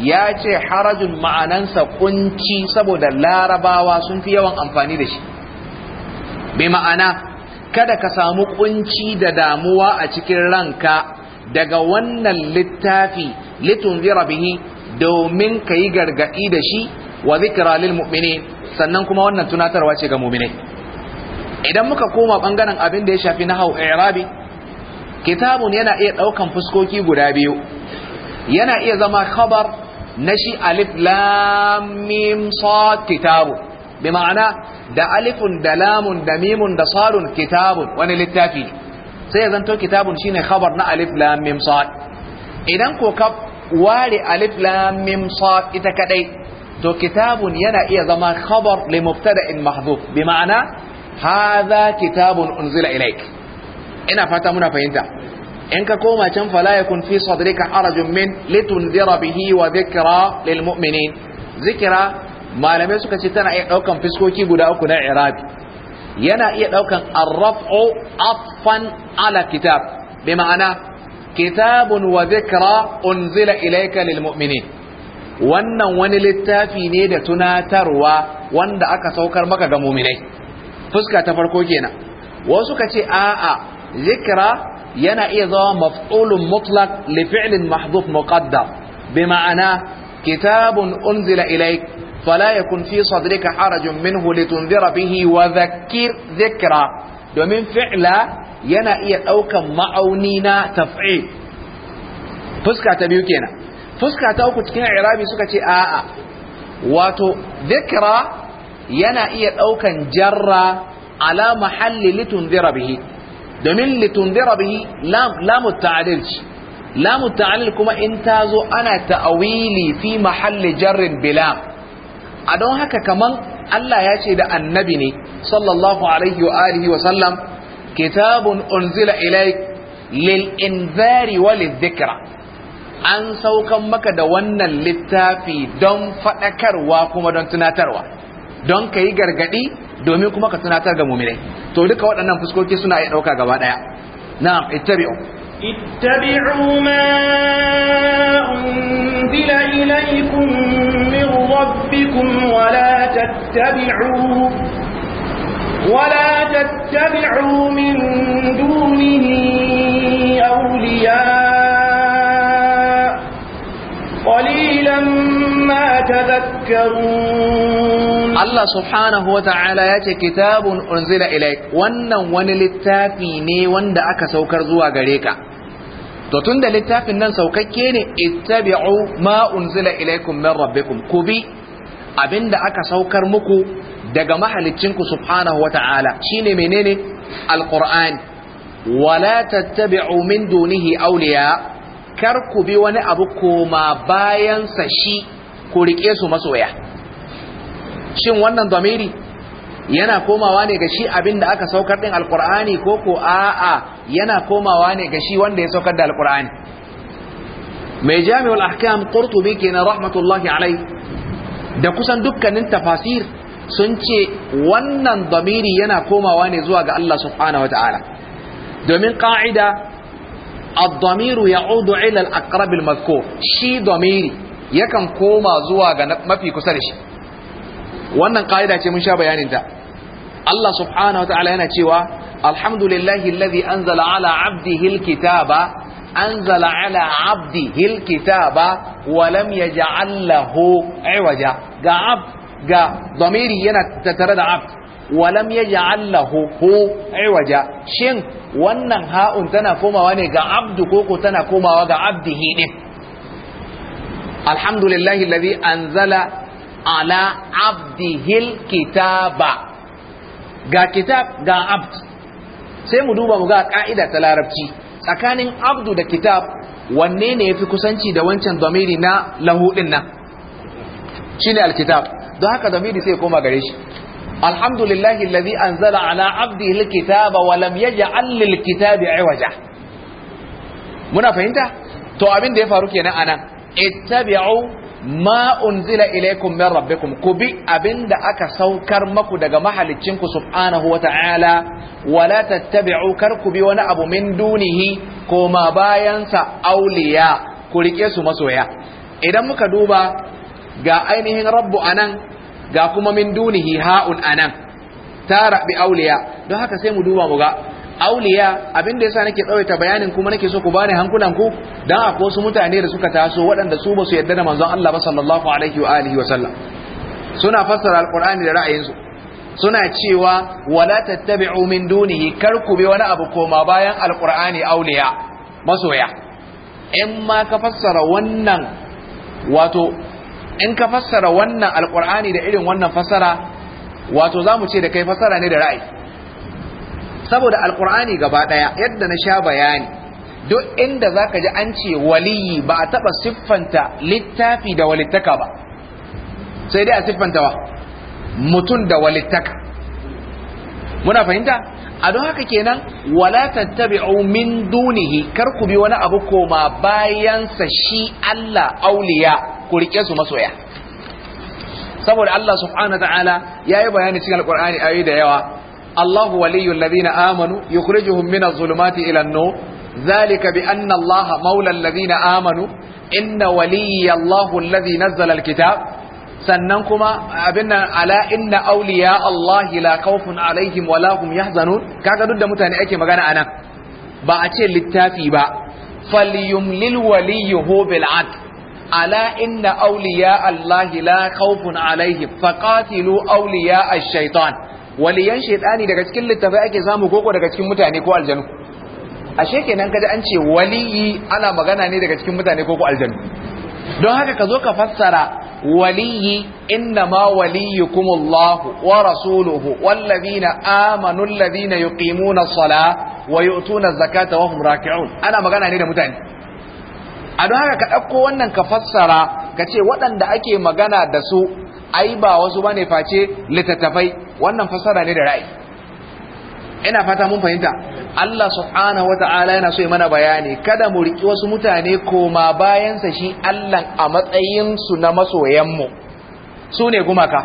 ya ce harajin ma'anansa kunci saboda larabawa sun fi yawan amfani da shi bi ma'ana kada ka samu kunci da damuwa a cikin ranka daga wannan littafi zira bihi domin ka yi gargaɗi da shi wa zikira lil mu'mini sannan kuma wannan tunatarwa ce ga mu'minai idan muka koma bangaren abin da ya shafi na hau irabi kitabun yana iya ɗaukan fuskoki guda biyu yana iya zama khabar na shi alif lam mim sad kitabu bi ma'ana da alifun da lamun da mimun da sadun kitabun wani littafi ne sai ya zanto kitabun shine khabar na alif lam mim sad idan ko ka ware alif lam mim sad ita kadai to kitabun yana iya zama khabar li mubtada in mahdhuf bi ma'ana hadha kitabun unzila ilaik ina fata muna fahimta in ka koma can fala yakun fi sadrika harajun min litunzira bihi wa dhikra lil mu'minin zikra malamai suka ce tana iya daukan fiskoki guda uku na irabi yana iya ɗaukan arraf'u rafu ala kitab bi ma'ana kitabun wa dhikra unzila ilayka lil mu'minin wannan wani littafi ne da tunatarwa wanda aka saukar maka ga mu'minai fuska ta farko kenan wasu ka ce a'a zikira yana iya zama maf'ulun mutlaq li fi'lin mahdhuf muqaddar bi ma'ana kitabun unzila ilayka فلا يكن في صدرك حرج منه لتنذر به وذكر ذكرى ومن فعل ينا إيا أوكا معونينا تفعيل فسكة تبيوكينا فسكة تأوكا تكين عرابي سكة آآ واتو ذكرى ينا إيا أوكا جرى على محل لتنذر به ومن لتنذر به لا, لا متعدلش لا متعلل كما انتازو انا تأويلي في محل جر بلام a don haka kaman Allah ya ce da annabi ne sallallahu alaihi wa alihi wa sallam kitabun unzila ilaik lil inzari wa lidhikra an saukan maka da wannan littafi don fadakarwa kuma don tunatarwa don ka yi gargaɗi domin kuma ka tunatar ga muminai to duka waɗannan fuskoki suna iya ɗauka gaba ɗaya na'am ittabi'u اتبعوا ما أنزل إليكم من ربكم ولا تتبعوا ولا تتبعوا من دونه أولياء قليلا ما تذكرون Allah subhanahu wa ta'ala ya ce kitabun unzila ilaik wannan wani littafi ne wanda aka saukar zuwa gareka. to tunda littafin nan saukakke ne ittabi'u ma unzila ilaykum min rabbikum ku bi abinda aka saukar muku daga mahaliccinku subhanahu wata'ala shine menene alqur'ani wala tattabi'u min dunihi awliya kar ku bi wani abu koma bayan sa shi ku rike su masoya shin wannan zamiri yana komawa ne ga shi abin da aka saukar din alkur'ani ko ko a'a yana komawa ne ga shi wanda ya saukar da alkur'ani mai jami'ul ahkam qurtubi kenan rahmatullahi alai da kusan dukkanin tafasir sun ce wannan damiri yana komawa ne zuwa ga Allah subhanahu wataala domin ka'ida الضمير يعود إلى الأقرب المذكور shi damiri yakan koma zuwa ga mafi kusa da shi wannan ƙa'ida ce mun sha bayanin ta Allah subhanahu wataala yana cewa alhamdulillahi alladhi anzala ala abdihi alkitaba anzala ala abdihi alkitaba wa lam yaj'al lahu iwaja ga ga dhamiri yana tattare da abd wa lam yaj'al lahu iwaja shin wannan ha'un tana komawa ne ga abdu ko ko tana komawa ga abdihi alhamdulillahi alladhi anzala ala abdihi alkitaba ga kitab ga abd sai mu duba mu ga ka'ida ta larabci tsakanin abdu da kitab wanne ne yafi kusanci da wancan domini na lahu din nan shine alkitab don haka domini sai koma gare shi alhamdulillahi alladhi anzala ala abdi alkitab wa lam yaj'al lilkitabi iwaja muna fahimta to abin da ya faru kenan anan ittabi'u ma unzila ilaikum min rabbikum ku bi abinda aka saukar maku daga ku subhanahu wata'ala wala tattabi'u kar ku bi wani abu min dunihi ko ma bayansa auliya ku rike su masoya idan muka duba ga ainihin rabbu anan ga kuma min dunihi ha'un anan tara bi auliya don haka sai mu duba mu ga auliya abin da yasa nake tsawaita bayanin kuma nake so ku bani hankulan ku dan akwai wasu mutane da suka taso waɗanda su ba su yarda da manzon Allah ba sallallahu alaihi wa alihi wa sallam suna fassara alqur'ani da ra'ayinsu suna cewa wala tattabi'u min dunihi kar ku bi wani abu koma bayan alqur'ani auliya masoya in ma ka fassara wannan wato in ka fassara wannan alqur'ani da irin wannan fassara wato zamu ce da kai fassara ne da ra'ayi saboda alkur'ani gaba ɗaya yadda na sha bayani duk inda zaka ji an ce waliyi ba a taba siffanta littafi da walittaka ba sai dai a siffanta wa mutum da walittaka muna fahimta a don haka kenan wala tattabi'u min dunihi kar ku bi wani abu koma bayansa shi Allah auliya ku rike su masoya saboda Allah subhanahu wa ta'ala yayi bayani cikin alqur'ani ayi da yawa Allahu waliyul ladina amanu yukhrijuhum minaz zulumati ilannu. Zalika nur dhalika bi anna Allaha amanu inna waliyya Allahu alladhi nazzala al-kitab sannan kuma abinna ala inna awliya Allahi la khawfun alaihim wala hum yahzanun kaga duk da mutane ake magana anan ba a ce littafi ba falyumlil waliyuhu bil adl ألا إن أولياء الله لا خوف عليهم فقاتلوا أولياء الشيطان waliyan shaitani daga cikin littafai ake samu koko daga cikin mutane ko aljanu ashe kenan kaji an ce waliyi ana magana ne daga cikin mutane koko aljanu don haka ka zo ka fassara waliyi innama waliyukumullahu wa rasuluhu wallazina amanu allazina yuqimuna as wa yu'tuna zakata wa hum raki'un ana magana ne da mutane a don haka ka ɗauko wannan ka fassara ka ce waɗanda ake magana da su ai ba wasu bane face litattafai? wannan fasara ne da ra'ayi ina fata mun fahimta Allah subhanahu wata'ala yana so ya mana bayani kada mu riki wasu mutane koma bayansa shi Allah a matsayin su na masoyan mu su ne gumaka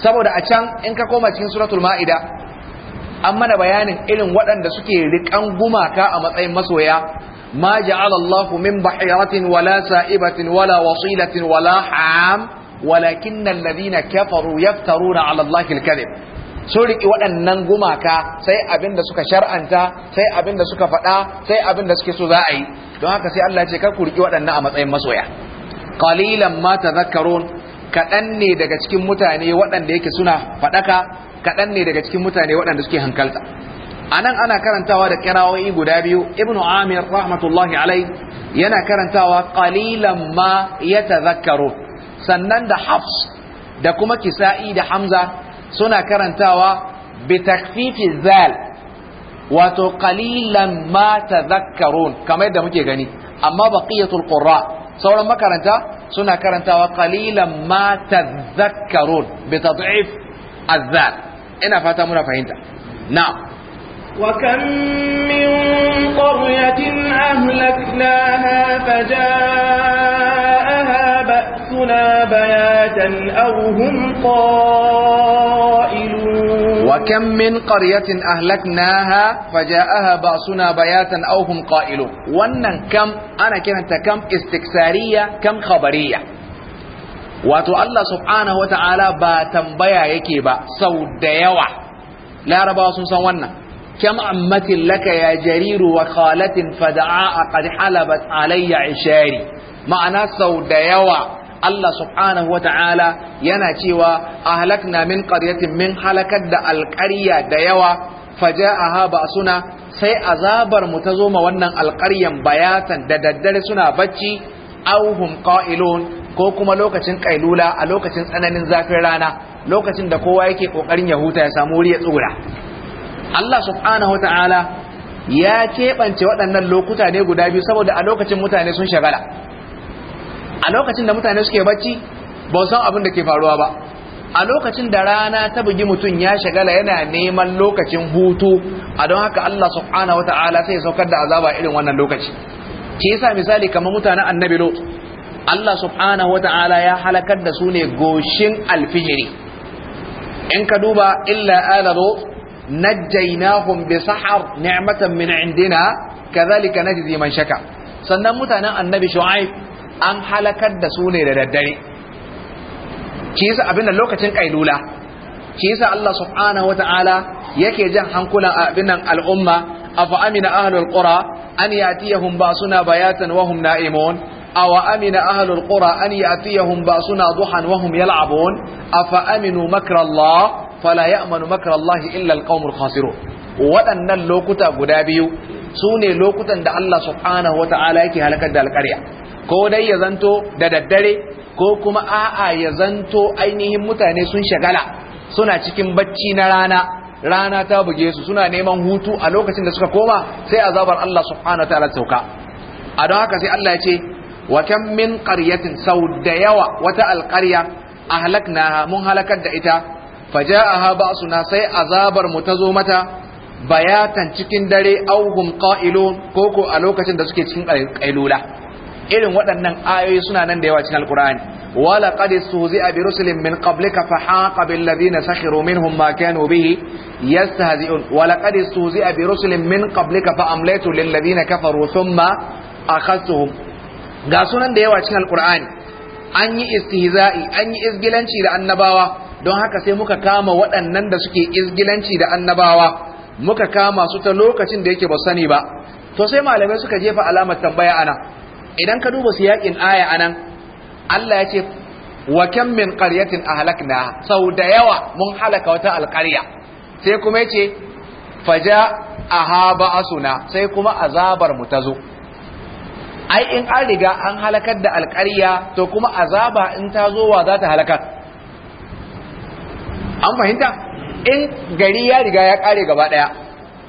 saboda a can in ka koma cikin suratul ma'ida an mana bayanin irin waɗanda suke rikan gumaka a matsayin masoya ma ja'ala Allahu min bahiratin wala sa'ibatin wala wasilatin wala ham walakin alladhina kafaru yaftaruna ala allahi alkalim sun riƙi waɗannan gumaka sai abin da suka shar'anta sai abin da suka faɗa sai abin da suke so za a yi don haka sai Allah ce kar ku riƙi waɗannan a matsayin masoya qalilan ma tadhakkarun kaɗan ne daga cikin mutane waɗanda yake suna faɗaka kaɗan ne daga cikin mutane waɗanda suke hankalta anan ana karantawa da kirawoyi guda biyu ibnu amir rahmatullahi alai yana karantawa qalilan ma yatadhakkarun sannan da hafs da kuma kisa'i da hamza suna karantawa bi takfifi zal wato qalilan ma tadhakkarun kamar yadda muke gani amma baqiyatul qurra sauran makaranta suna karantawa qalilan ma tadhakkarun bi tad'if azzal ina fata muna fahimta na'am وكم من قرية أهلكناها فجاءت عشيا أو هم قائلون وكم من قرية أهلكناها فجاءها بأسنا بياتا أو هم قائلون وأن كم أنا كنت كم استكسارية كم خبرية wato Allah subhanahu wata'ala ba tambaya yake ba sau da yawa larabawa sun san wannan kam ammatin laka ya jariru wa khalatin fada'a qad halabat alayya ishari ma'ana sau da yawa Allah subhanahu wa ta'ala yana cewa a halakna min ƙaryatin min halakar da alƙarya da yawa a ba suna sai azabar mu ta zo ma wannan alƙaryan bayatan da daddare suna bacci auhum qa'ilun ko kuma lokacin ƙailula a lokacin tsananin zafin rana lokacin da kowa yake ƙoƙarin ya huta ya samu wuri ya tsura Allah subhanahu wa ta'ala ya keɓance waɗannan lokuta ne guda biyu saboda a lokacin mutane sun shagala a lokacin da mutane suke bacci ba san abin da ke faruwa ba a lokacin da rana ta bugi mutum ya shagala yana neman lokacin hutu a don haka Allah subhanahu wata'ala sai ya saukar da azaba irin wannan lokaci ce yasa misali kamar mutanen annabi lot Allah subhanahu wata'ala ya halakar da su ne goshin alfijiri in ka duba illa ala lot najjaynahum bi sahar ni'matan min indina kadhalika najzi man shaka sannan mutanen annabi shu'aib an halakar da su ne da daddare shi yasa abin da lokacin kailula shi yasa Allah subhanahu wataala yake jan hankulan abin nan al'umma afa amina ahlul qura an yatiyahum basuna bayatan wa hum na'imun aw amina ahlul qura an yatiyahum basuna duhan wa hum yal'abun afa aminu makra Allah fala ya'manu makra Allah illa alqaumul khasirun waɗannan lokuta guda biyu su ne lokutan da Allah subhanahu wataala yake halakar da alƙarya ko dai ya zanto da daddare ko kuma a'a ya zanto ainihin mutane sun shagala suna cikin bacci na rana rana ta buge su suna neman hutu a lokacin da suka koma sai azabar Allah subhanahu wa ta'ala sauka a don haka sai Allah ya ce wa kam min qaryatin sau da yawa wata alqarya ahlaknaha mun halakar da ita faja'aha ba'suna sai azabar mu ta zo mata bayatan cikin dare auhum qa'ilun koko a lokacin da suke cikin qailula irin waɗannan ayoyi suna nan da yawa cikin alkur'ani wala qad suzi'a bi rusulin min qablika fa haqa bil ladina sakhiru minhum ma kanu bihi yastahzi'un wala qad suzi'a bi rusulin min qablika fa amlaytu lil ladina kafaru thumma akhadhtuhum ga sunan da yawa cikin alkur'ani an yi istihza'i an yi izgilanci da annabawa don haka sai muka kama waɗannan da suke izgilanci da annabawa muka kama su ta lokacin da yake ba sani ba to sai malamai suka jefa alamar tambaya ana idan ka duba siyakin aya anan Allah ya ce wa kam min qaryatin ahlakna sau da yawa mun halaka wata alqarya sai kuma yace faja ahaba asuna sai kuma azabar mu tazo ai in an riga an halakar da alqarya to kuma azaba in ta zo wa za ta halakar an fahimta in gari ya riga ya kare gaba daya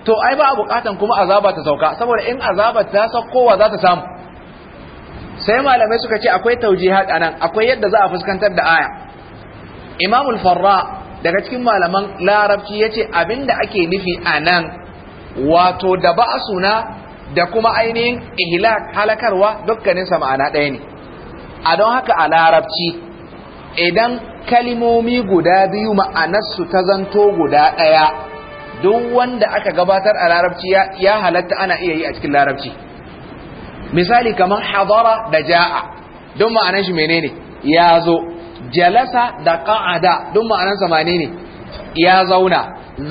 to ai ba a bukatan kuma azaba ta sauka saboda in azabar ta saukowa za ta samu sai malamai suka ce akwai taujihat anan akwai yadda za a fuskantar da aya imamul farra daga cikin malaman larabci ya ce abinda ake nufi a nan, wato da suna da kuma ainihin ihlak halakarwa dukkanin sa ma'ana ɗaya ne a don haka a larabci idan kalimomi guda biyu ma'anarsu ta zanto guda ɗaya duk wanda aka gabatar a larabci ya halatta ana iya yi a cikin larabci misali kamar hadara da ja'a don ma'anar shi menene ya zo jalasa da qa'ada don ma'anar sa menene ya zauna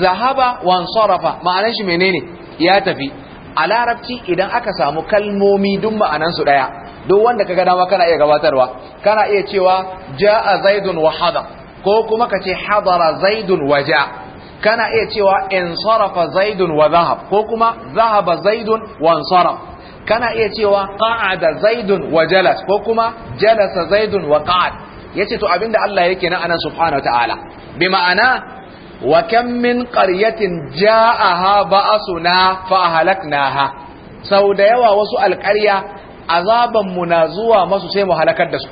zahaba wa sarafa ma'anar shi menene ya tafi a larabci idan aka samu kalmomi don ma'anar su daya don wanda kaga dama kana iya gabatarwa kana iya cewa ja'a zaidun wa hadar ko kuma ka ce hadara zaidun wa ja'a kana iya cewa in sarafa zaidun wa zahab ko kuma zahaba zaidun wa sarafa kana iya cewa qa'ada zaidun wa jalas ko kuma jalasa zaidun wa qa'ad yace to abinda Allah yake na anan subhanahu ta'ala bi ma'ana wa kam min qaryatin ja'aha ba'suna fa ahlaknaha sau da yawa wasu alƙarya azaban mu na zuwa masu sai mu halakar da su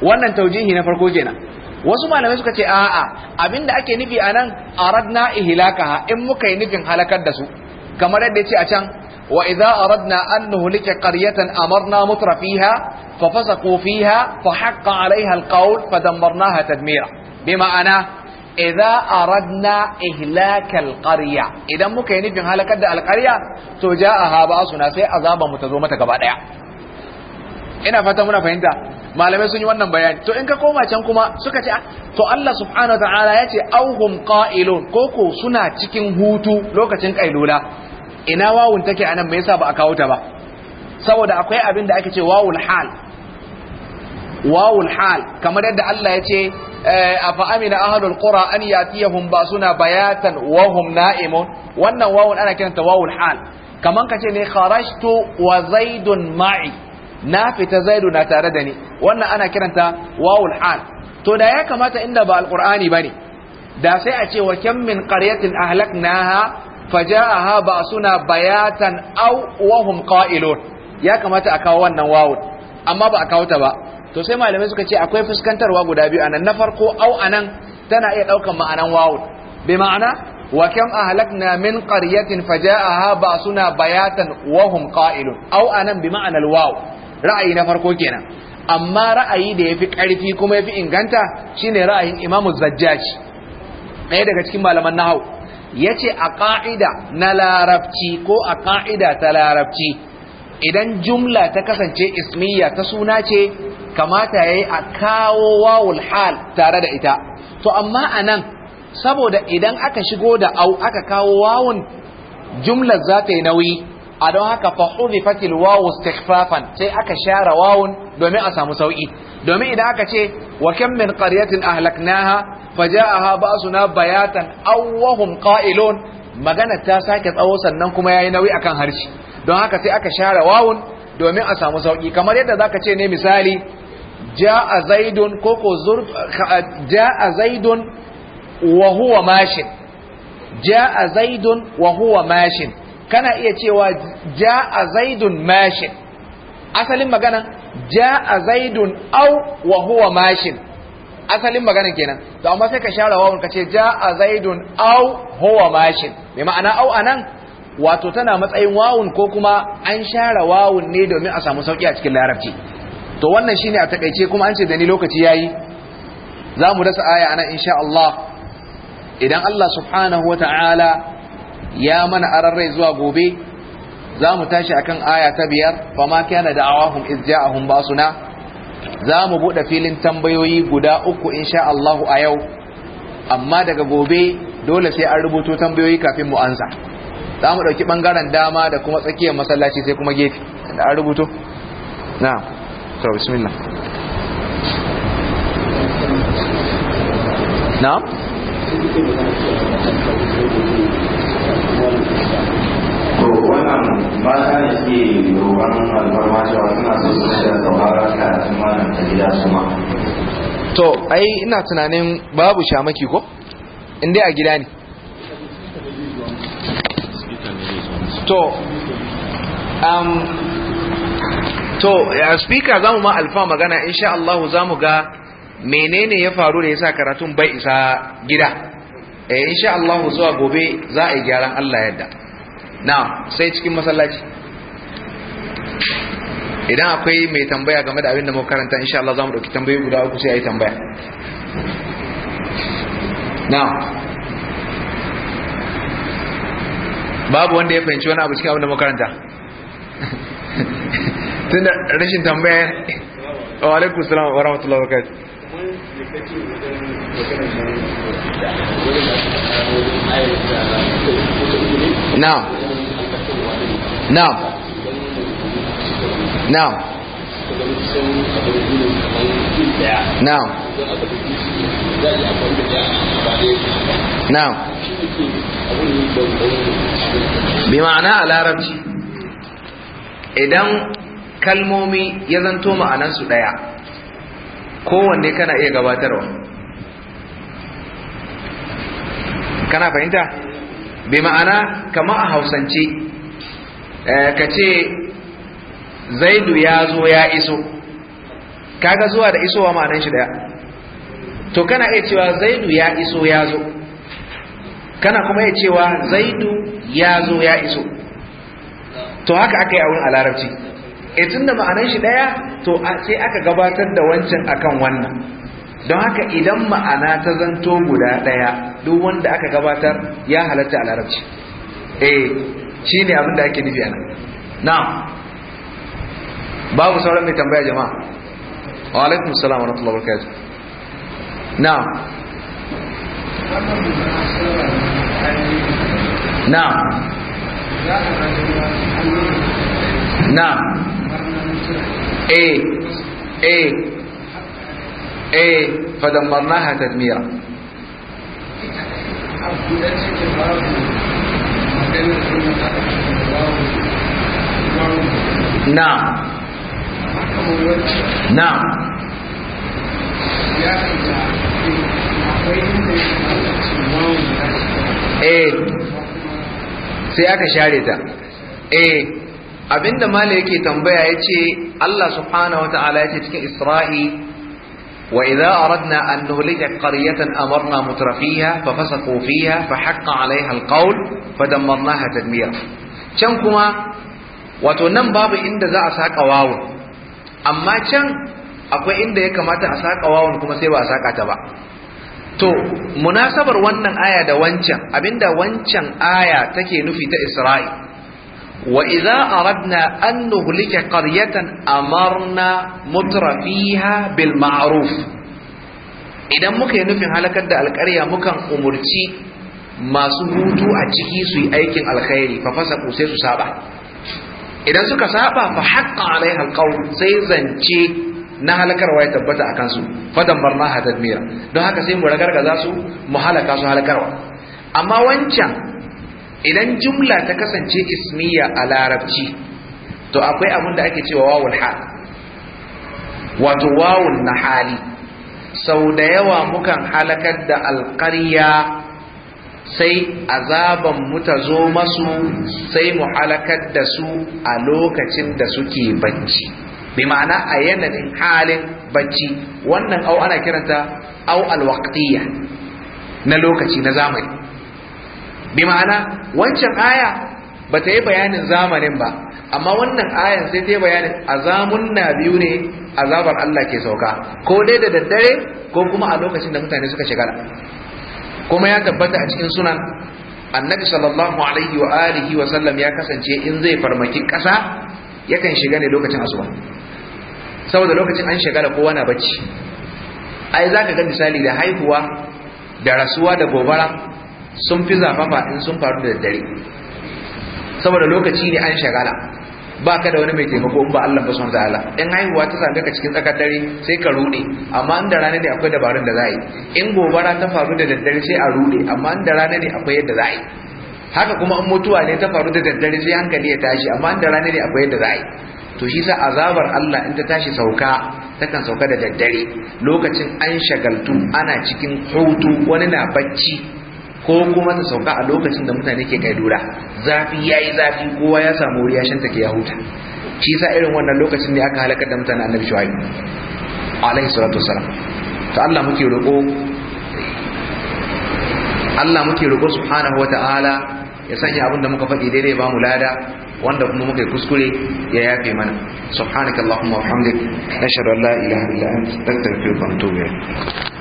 wannan taujihi na farko kenan wasu malamai suka ce a'a abinda ake nufi anan aradna ihlakaha in muka yi nufin halakar da su kamar yadda yace a can وإذا أردنا أن نهلك قرية أمرنا متر فيها ففسقوا فيها فحق عليها القول فدمرناها تدميرا بمعنى إذا أردنا إهلاك القرية إذا ممكن نبين هلكت القرية تجاءها بأسنا سي أذاب متزومة قبادة ina fata muna fahimta malamai sun yi wannan bayani to in ka koma can kuma suka ce to Allah subhanahu wa ta'ala ya ce auhum qa'ilun koko suna cikin hutu lokacin kailula ina wawun take anan me yasa ba a kawo ta ba saboda akwai abin da ake ce wawul hal wawul hal kamar yadda Allah ya ce eh, afa amina qura an yatiyahum bayatan wa hum na'imun wannan wawun ana kiranta wawul hal ka kace ne kharajtu wa zaidun ma'i na fita zaidu na tare da ni wannan ana kiranta wawul hal to da ya kamata inda ba alqur'ani bane da sai a ce wa kam min qaryatin ahlaknaha faja'aha ba suna bayatan aw wahum qa'ilun ya kamata a kawo wannan wawun amma ba a kawo ta ba to sai malamai suka ce akwai fuskantarwa guda biyu anan na farko aw anan tana iya daukan ma'anan wawun bi ma'ana wa kam ahlakna min qaryatin faja'aha ba'suna suna bayatan wahum qa'ilun aw anan bi ma'ana al ra'ayi na farko kenan amma ra'ayi da yafi karfi kuma yafi inganta shine ra'ayin imamu zajjaji ɗaya daga cikin malaman nahawu ya ce a ƙa'ida na larabci ko a ƙa'ida ta larabci idan jumla ta kasance ismiya ta suna ce kamata ya yi a kawo wawul hal tare da ita to amma a nan saboda idan aka shigo da au aka kawo wawun jumlar za ta yi nauyi a don haka fa hudifatil wawu istighfafan sai aka share wawun domin a samu sauki domin idan aka ce wa kam min qaryatin ahlaknaha faja'aha ba'suna bayatan aw wahum qa'ilun magana ta sake tsawo sannan kuma yayi nauyi akan harshe don haka sai aka share wawun domin a samu sauki kamar yadda zaka ce ne misali ja'a zaidun koko zur ja'a zaidun wa huwa mashin ja'a zaidun wa huwa mashin kana iya cewa ja a zaidun mashin asalin magana ja a zaidun au wa huwa mashin asalin magana kenan to amma sai ka share wawun ka ce ja a zaidun au huwa mashin mai ma'ana au anan wato tana matsayin wawun ko kuma an share wawun ne domin a samu sauki a cikin larabci to wannan shine a takaice kuma an ce da ni lokaci yayi za mu dasa aya ana insha Allah idan Allah subhanahu wata'ala ya mana ararrai zuwa gobe za mu tashi kan aya ta biyar fama kana da'awahum iz ja'ahum basuna za mu buɗe filin tambayoyi guda uku insha Allahu a yau amma daga gobe dole sai an rubuto tambayoyi kafin mu ansa za mu ɗauki ɓangaren dama da kuma tsakiyar masallaci sai kuma gefe da an rubuto na to bismillah na mata ne suke roƙon alfarma cewa suna so su sauraron karatun malam ta gida su ma to ai ina tunanin babu shamaki ko in dai a gida ne to um, to ya speaker zamu ma alfa magana insha Allah zamu ga menene ya faru da yasa karatun bai isa gida eh insha Allah zuwa gobe za a yi gyaran Allah yadda na sai cikin masallaci idan akwai mai tambaya game da abin da muka karanta insha Allah zamu dauki tambayoyi guda uku sai ayi tambaya na babu wanda ya fahimci wani abu cikin abin da muka karanta tunda rashin tambaya wa alaikum salam wa rahmatullahi wa barakatuh na na'am na'am na'am na'am bi ma'ana a larabci idan kalmomi ya zanto ma'anansu ɗaya kowanne kana iya gabatarwa kana fahimta bi ma'ana kama a hausance Eh, ka ce zaidu ya zo ya iso kaga zuwa da isowa ma'anin shi daya to kana iya cewa zaidu ya iso ya zo kana kuma iya cewa zaidu ya zo ya iso to haka aka yi a wurin alarabci e eh, tunda ma'anin shi daya to sai aka gabatar da wancan akan wannan don haka idan ma'ana ta zanto guda daya duk wanda aka gabatar ya halatta a larabci eh shine abin da ake nufi anan na'am babu sauran mai tambaya jama'a wa alaikum assalam wa rahmatullahi wa barakatuh na'am na'am na'am eh eh eh fadammarnaha tadmira eh sai aka share ta eh abinda mala yake tambaya yace Allah subhanahu wataala yace cikin Isra'i وإذا أردنا أن نهلك قرية أمرنا متر فيها ففسقوا فيها فحق عليها القول فدمرناها تدميرا can kuma wato nan babu inda za a saƙa wawun amma can akwai inda ya kamata a saƙa wawun kuma sai ba a saƙa ta ba to munasabar wannan aya da wancan abinda wancan aya take nufi ta isra'i وإذا أردنا أن نهلك قرية أمرنا متر فيها idan muka yi nufin halakar da alƙarya mukan umurci masu hutu a ciki suyi aikin alkhairi fa fasa sai su saba idan suka saba fa haqqa alaiha alqawl sai zance na halakarwa ya tabbata a kansu fa dambarna ha tadmira don haka sai mu ragargaza su mu halaka su halakarwa amma wancan idan jumla ta kasance ismiya a larabci to akwai abin da ake cewa wawul hal wato wawul na hali sau da yawa mukan halakar da alƙarya sai azaban mu ta zo masu sai mu halakar da su a lokacin da suke bacci bi ma'ana a yanayin halin bacci wannan au ana kiranta au alwaqtiyya na lokaci na zamani bi ma'ana wancan aya ba ta yi bayanin zamanin ba amma wannan ayan sai ta yi bayanin azamun na biyu ne azabar Allah ke sauka ko dai da daddare ko kuma a lokacin da mutane suka shigala kuma ya tabbata a cikin sunan annabi sallallahu alaihi wa alihi wa sallam ya kasance in zai farmaki ƙasa yakan shiga ne lokacin asuba saboda lokacin an shiga shigala kowa na bacci ai zaka ga misali da haihuwa da rasuwa da gobara sun fi zafafa in sun faru da daddare saboda lokaci ne an shagala ba ka da wani mai taimako in ba Allah ba son ta'ala in haihuwa ta same ka cikin tsakar dare sai ka rude amma in da rana ne akwai dabarun da za a yi in gobara ta faru da daddare sai a rude amma in da rana ne akwai yadda za a yi haka kuma in mutuwa ne ta faru da daddare sai hankali ya tashi amma in da rana ne akwai yadda za a yi to shi sa azabar Allah in ta tashi sauka takan sauka da daddare lokacin an shagaltu ana cikin hutu wani na bacci ko kuma ta sauka a lokacin da mutane ke kaidura zafi ya yi zafi kowa ya samu wuri ya shanta ke ya huta shi sa irin wannan lokacin ne aka halakar da mutane annabi shuaib alaihi salatu wassalam to Allah muke roƙo Allah muke roƙo subhanahu wata'ala ya sanya abin da muka faɗi daidai ba mu lada wanda kuma muka yi kuskure ya yafe mana subhanakallahumma wa bihamdik nashhadu an la ilaha illa anta astaghfiruka wa atubu ilaik